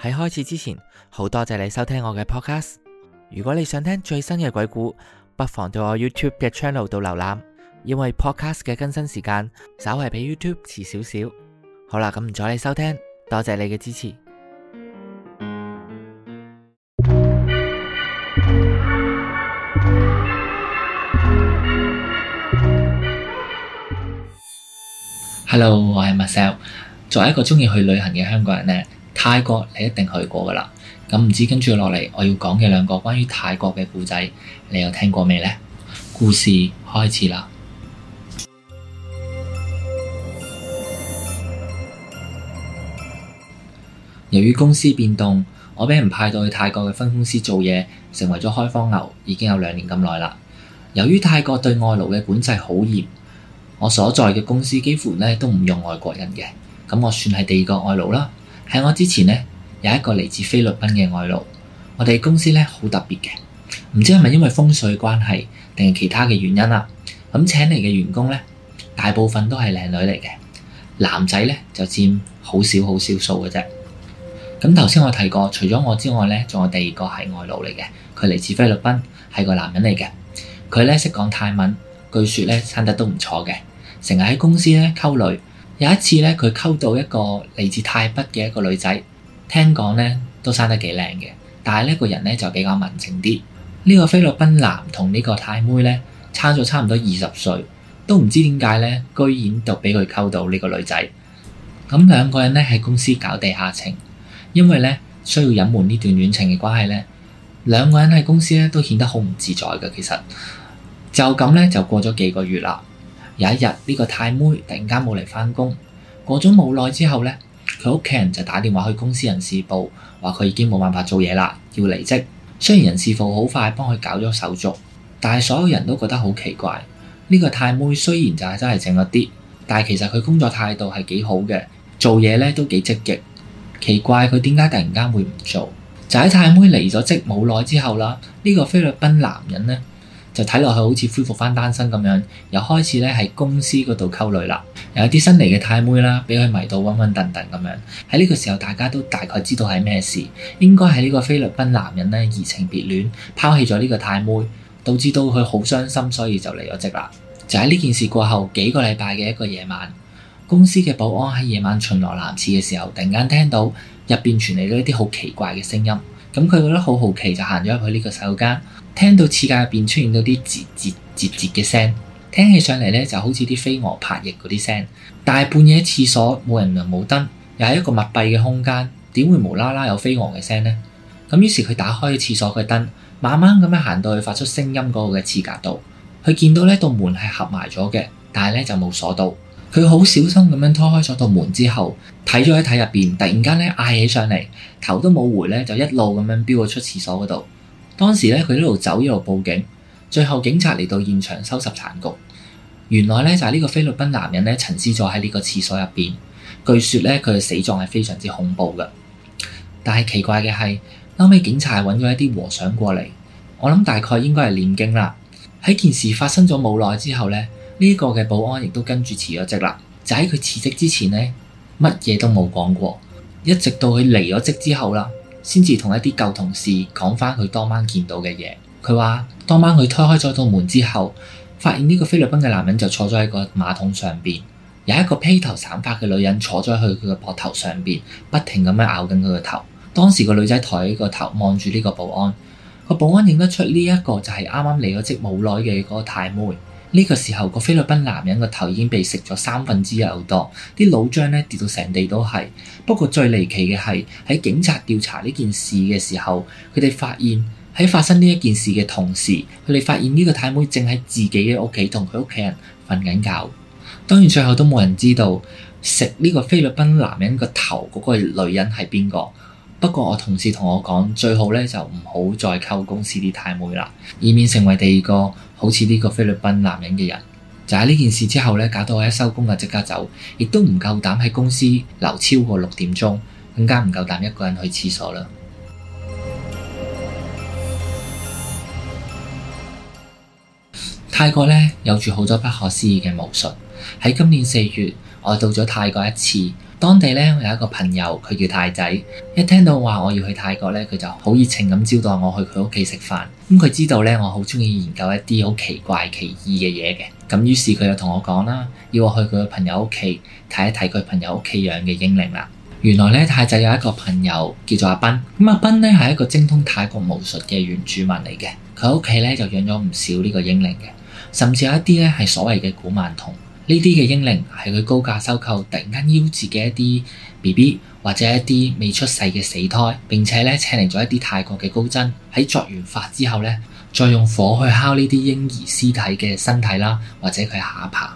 喺開始之前，好多謝你收聽我嘅 podcast。如果你想聽最新嘅鬼故，不妨到我 YouTube 嘅 channel 度瀏覽，因為 podcast 嘅更新時間稍微比 YouTube 遲少少。好啦，咁唔阻你收聽，多謝你嘅支持。Hello，我係 Marcel。作為一個鍾意去旅行嘅香港人咧。泰國你一定去過噶啦，咁唔知跟住落嚟我要講嘅兩個關於泰國嘅故仔，你有聽過未呢？故事開始啦。嗯、由於公司變動，我俾人派到去泰國嘅分公司做嘢，成為咗開荒牛，已經有兩年咁耐啦。由於泰國對外勞嘅管制好嚴，我所在嘅公司幾乎呢都唔用外國人嘅，咁我算係第二個外勞啦。喺我之前呢，有一個嚟自菲律賓嘅外勞，我哋公司呢，好特別嘅，唔知係咪因為風水關係定係其他嘅原因啦、啊。咁請嚟嘅員工呢，大部分都係靚女嚟嘅，男仔呢就佔好少好少數嘅啫。咁頭先我提過，除咗我之外呢，仲有第二個係外勞嚟嘅，佢嚟自菲律賓，係個男人嚟嘅，佢呢識講泰文，據說呢生得都唔錯嘅，成日喺公司呢溝女。有一次咧，佢溝到一個嚟自泰北嘅一個女仔，聽講咧都生得幾靚嘅，但係呢個人咧就比較文靜啲。呢個菲律賓男同呢個泰妹咧差咗差唔多二十歲，都唔知點解咧，居然就俾佢溝到呢個女仔。咁兩個人咧喺公司搞地下情，因為咧需要隱瞞呢段戀情嘅關係咧，兩個人喺公司咧都顯得好唔自在嘅。其實就咁咧，就過咗幾個月啦。有一日，呢個泰妹突然間冇嚟返工，過咗冇耐之後呢，佢屋企人就打電話去公司人事部，話佢已經冇辦法做嘢啦，要離職。雖然人事部好快幫佢搞咗手續，但係所有人都覺得好奇怪。呢個泰妹雖然就係真係靜一啲，但係其實佢工作態度係幾好嘅，做嘢呢都幾積極。奇怪佢點解突然間會唔做？就喺泰妹離咗職冇耐之後啦，呢個菲律賓男人呢。就睇落去好似恢復翻單身咁樣，又開始咧喺公司嗰度溝女啦，又有啲新嚟嘅太妹啦，俾佢迷到暈暈頓頓咁樣。喺呢個時候，大家都大概知道係咩事，應該係呢個菲律賓男人咧移情別戀，拋棄咗呢個太妹，導致到佢好傷心，所以就離咗職啦。就喺呢件事過後幾個禮拜嘅一個夜晚，公司嘅保安喺夜晚巡邏男廁嘅時候，突然間聽到入邊傳嚟咗一啲好奇怪嘅聲音。咁佢覺得好好奇，就行咗入去呢個洗手間，聽到廁格入邊出現到啲吱吱吱吱嘅聲，聽起上嚟咧就好似啲飛蛾拍翼嗰啲聲。但係大半夜廁所冇人，又冇燈，又係一個密閉嘅空間，點會無啦啦有飛蛾嘅聲呢？咁於是佢打開廁所嘅燈，慢慢咁樣行到去發出聲音嗰個嘅廁格度，佢見到呢道門係合埋咗嘅，但係咧就冇鎖到。佢好小心咁樣拖開咗道門之後，睇咗一睇入邊，突然間咧嗌起上嚟，頭都冇回咧，就一路咁樣飆咗出廁所嗰度。當時咧佢一路走一路報警，最後警察嚟到現場收拾殘局。原來咧就係呢個菲律賓男人咧沉屍咗喺呢個廁所入邊。據說咧佢嘅死狀係非常之恐怖噶。但係奇怪嘅係，後尾警察係揾咗一啲和尚過嚟，我諗大概應該係念經啦。喺件事發生咗冇耐之後咧。呢個嘅保安亦都跟住辭咗職啦，就喺佢辭職之前呢，乜嘢都冇講過，一直到佢離咗職之後啦，先至同一啲舊同事講翻佢當晚見到嘅嘢。佢話當晚佢推開咗道門之後，發現呢個菲律賓嘅男人就坐咗喺個馬桶上邊，有一個披頭散髮嘅女人坐咗喺佢嘅膊頭上邊，不停咁樣咬緊佢個頭。當時個女仔抬起個頭望住呢個保安，個保安認得出呢一個就係啱啱離咗職冇耐嘅嗰個太妹。呢個時候個菲律賓男人個頭已經被食咗三分之一好多，啲腦漿咧跌到成地都係。不過最離奇嘅係喺警察調查呢件事嘅時候，佢哋發現喺發生呢一件事嘅同時，佢哋發現呢個太妹正喺自己嘅屋企同佢屋企人瞓緊覺。當然最後都冇人知道食呢個菲律賓男人個頭嗰個女人係邊個。不過我同事同我講，最好咧就唔好再溝公司啲泰妹啦，以免成為第二個好似呢個菲律賓男人嘅人。就喺呢件事之後咧，搞到我一收工就即刻走，亦都唔夠膽喺公司留超過六點鐘，更加唔夠膽一個人去廁所啦。泰國呢有住好多不可思議嘅巫術。喺今年四月，我到咗泰國一次。當地咧有一個朋友，佢叫太仔。一聽到話我要去泰國咧，佢就好熱情咁招待我去佢屋企食飯。咁佢知道咧我好中意研究一啲好奇怪奇異嘅嘢嘅，咁於是佢就同我講啦，要我去佢嘅朋友屋企睇一睇佢朋友屋企養嘅英靈啦。原來咧太仔有一個朋友叫做阿斌，咁阿斌咧係一個精通泰國巫術嘅原住民嚟嘅，佢屋企咧就養咗唔少呢個英靈嘅，甚至有一啲咧係所謂嘅古曼童。呢啲嘅嬰靈係佢高價收購，突然間夭折嘅一啲 B B 或者一啲未出世嘅死胎，並且咧請嚟咗一啲泰國嘅高僧喺作完法之後咧，再用火去烤呢啲嬰兒屍體嘅身體啦，或者佢下巴，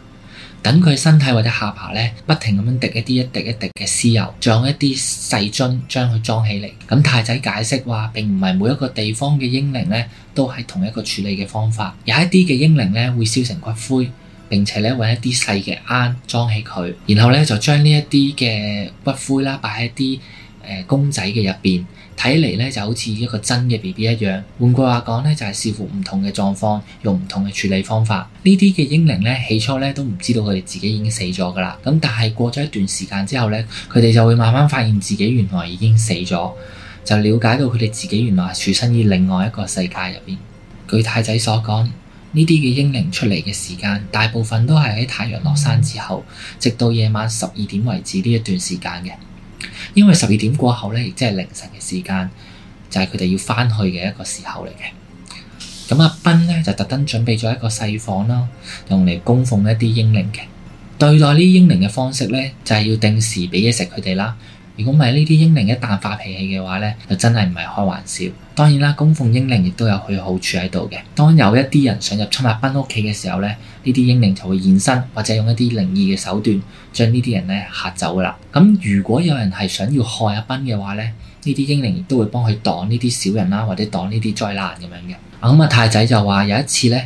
等佢身體或者下巴咧不停咁樣滴一啲一滴一滴嘅屍油，將一啲細樽將佢裝起嚟。咁太仔解釋話，並唔係每一個地方嘅嬰靈咧都係同一個處理嘅方法，有一啲嘅嬰靈咧會燒成骨灰。並且咧揾一啲細嘅罌裝起佢，然後咧就將呢一啲嘅骨灰啦擺喺啲誒公仔嘅入邊，睇嚟咧就好似一個真嘅 BB 一樣。換句話講咧，就係視乎唔同嘅狀況，用唔同嘅處理方法。英靈，呢啲嘅嬰靈咧起初咧都唔知道佢哋自己已經死咗噶啦，咁但係過咗一段時間之後咧，佢哋就會慢慢發現自己原來已經死咗，就了解到佢哋自己原來處身於另外一個世界入邊。據太仔所講。呢啲嘅英靈出嚟嘅時間，大部分都係喺太陽落山之後，直到夜晚十二點為止呢一段時間嘅。因為十二點過後咧，亦即係凌晨嘅時間，就係佢哋要翻去嘅一個時候嚟嘅。咁、嗯、阿斌咧就特登準備咗一個細房啦，用嚟供奉一啲英靈嘅。對待呢啲英靈嘅方式咧，就係、是、要定時俾嘢食佢哋啦。如果唔係呢啲英靈一旦發脾氣嘅話呢，就真係唔係開玩笑。當然啦，供奉英靈亦都有佢好處喺度嘅。當有一啲人想入侵阿斌屋企嘅時候咧，呢啲英靈就會現身，或者用一啲靈異嘅手段將呢啲人呢嚇走啦。咁如果有人係想要害阿斌嘅話咧，呢啲英靈都會幫佢擋呢啲小人啦，或者擋呢啲災難咁樣嘅。啊咁啊，泰仔就話有一次呢，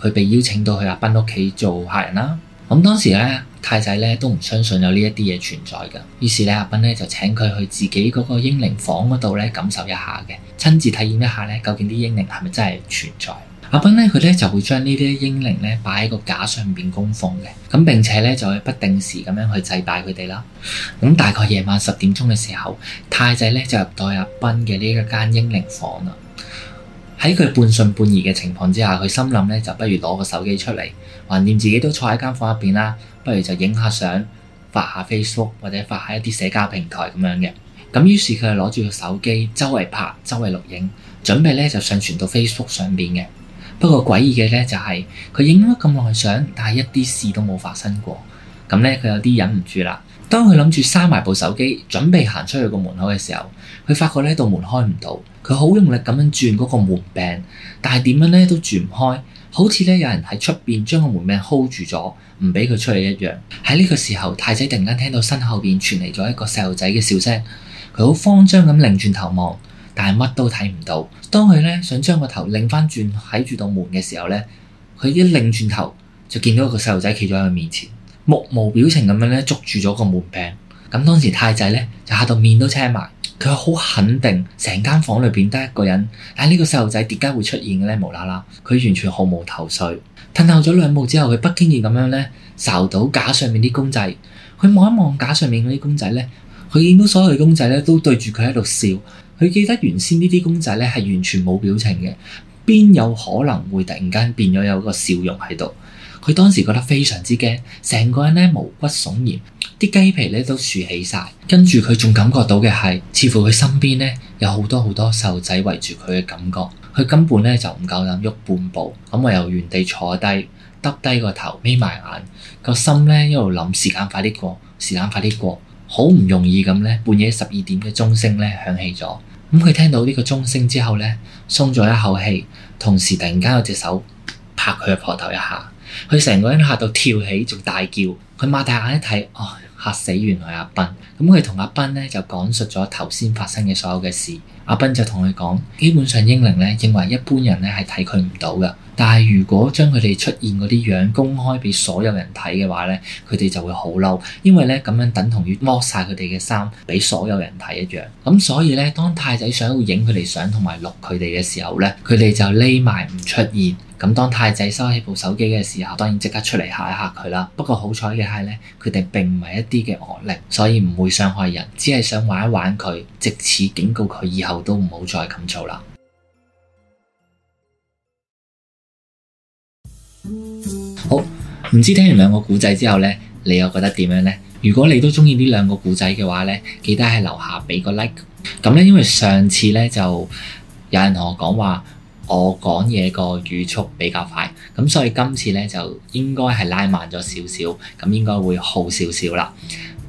佢被邀請到去阿斌屋企做客人啦。咁當時呢。太仔咧都唔相信有呢一啲嘢存在噶於是咧阿斌咧就請佢去自己嗰個英靈房嗰度咧感受一下嘅，親自體驗一下咧究竟啲英靈係咪真係存在。阿斌咧佢咧就會將呢啲英靈咧擺喺個架上邊供奉嘅，咁並且咧就會不定時咁樣去祭拜佢哋啦。咁大概夜晚十點鐘嘅時候，太仔咧就入到阿斌嘅呢一間英靈房啦。喺佢半信半疑嘅情況之下，佢心諗咧就不如攞個手機出嚟，橫掂自己都坐喺間房入邊啦，不如就影下相，發下 Facebook 或者發下一啲社交平台咁樣嘅。咁於是佢就攞住個手機周圍拍，周圍錄影，準備咧就上傳到 Facebook 上邊嘅。不過詭異嘅咧就係佢影咗咁耐相，但係一啲事都冇發生過。咁咧佢有啲忍唔住啦。當佢諗住閂埋部手機，準備行出去個門口嘅時候，佢發覺呢道門開唔到，佢好用力咁樣轉嗰個門柄，但係點樣咧都轉唔開，好似咧有人喺出邊將個門柄 hold 住咗，唔俾佢出去一樣。喺呢個時候，太仔突然間聽到身後邊傳嚟咗一個細路仔嘅笑聲，佢好慌張咁擰轉頭望，但係乜都睇唔到。當佢咧想將個頭擰翻轉喺住道門嘅時候咧，佢一擰轉頭就見到一個細路仔企咗喺佢面前。目無表情咁樣咧捉住咗個門柄，咁當時太仔咧就嚇到面都青埋，佢好肯定成間房裏邊得一個人，但係呢個細路仔點解會出現嘅咧？無啦啦，佢完全毫無頭緒。褪後咗兩步之後，佢不經意咁樣咧，睄到架上面啲公仔，佢望一望架上面嗰啲公仔咧，佢見到所有嘅公仔咧都對住佢喺度笑，佢記得原先呢啲公仔咧係完全冇表情嘅，邊有可能會突然間變咗有個笑容喺度？佢當時覺得非常之驚，成個人咧毛骨悚然，啲雞皮咧都豎起晒。跟住佢仲感覺到嘅係，似乎佢身邊咧有好多好多瘦仔圍住佢嘅感覺。佢根本咧就唔夠膽喐半步，咁我又原地坐低，耷低個頭，眯埋眼，個心咧一路諗時間快啲過，時間快啲過。好唔容易咁咧，半夜十二點嘅鐘聲咧響起咗。咁佢聽到呢個鐘聲之後咧，鬆咗一口氣，同時突然間有隻手拍佢嘅膊頭一下。佢成個人嚇到跳起，仲大叫。佢擘大眼一睇，哦，嚇死！原來阿斌。咁佢同阿斌咧就講述咗頭先發生嘅所有嘅事。阿斌就同佢講，基本上英靈咧認為一般人咧係睇佢唔到㗎，但係如果將佢哋出現嗰啲樣公開俾所有人睇嘅話咧，佢哋就會好嬲，因為咧咁樣等同於剝晒佢哋嘅衫俾所有人睇一樣。咁所以咧，當太仔想要影佢哋相同埋錄佢哋嘅時候咧，佢哋就匿埋唔出現。咁當太仔收起部手機嘅時候，當然即刻出嚟吓一吓佢啦。不過好彩嘅係呢，佢哋並唔係一啲嘅惡靈，所以唔會傷害人，只係想玩一玩佢，借此警告佢以後都唔好再咁做啦。嗯、好，唔知聽完兩個故仔之後呢，你又覺得點樣呢？如果你都中意呢兩個故仔嘅話呢，記得喺樓下俾個 like。咁咧，因為上次呢，就有人同我講話。我講嘢個語速比較快，咁所以今次呢就應該係拉慢咗少少，咁應該會好少少啦。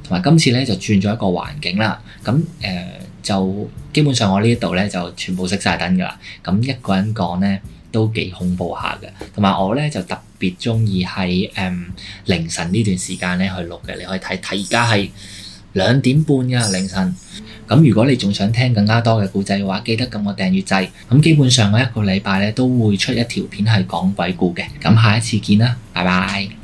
同埋今次呢就轉咗一個環境啦，咁誒、呃、就基本上我呢度呢就全部熄晒燈㗎啦，咁一個人講呢都幾恐怖下嘅。同埋我呢就特別中意喺誒凌晨呢段時間呢去錄嘅，你可以睇睇而家係兩點半呀，凌晨。咁如果你仲想聽更加多嘅故仔嘅話，記得撳我訂閱掣。咁基本上我一個禮拜都會出一條片係講鬼故嘅。咁下一次見啦，拜拜。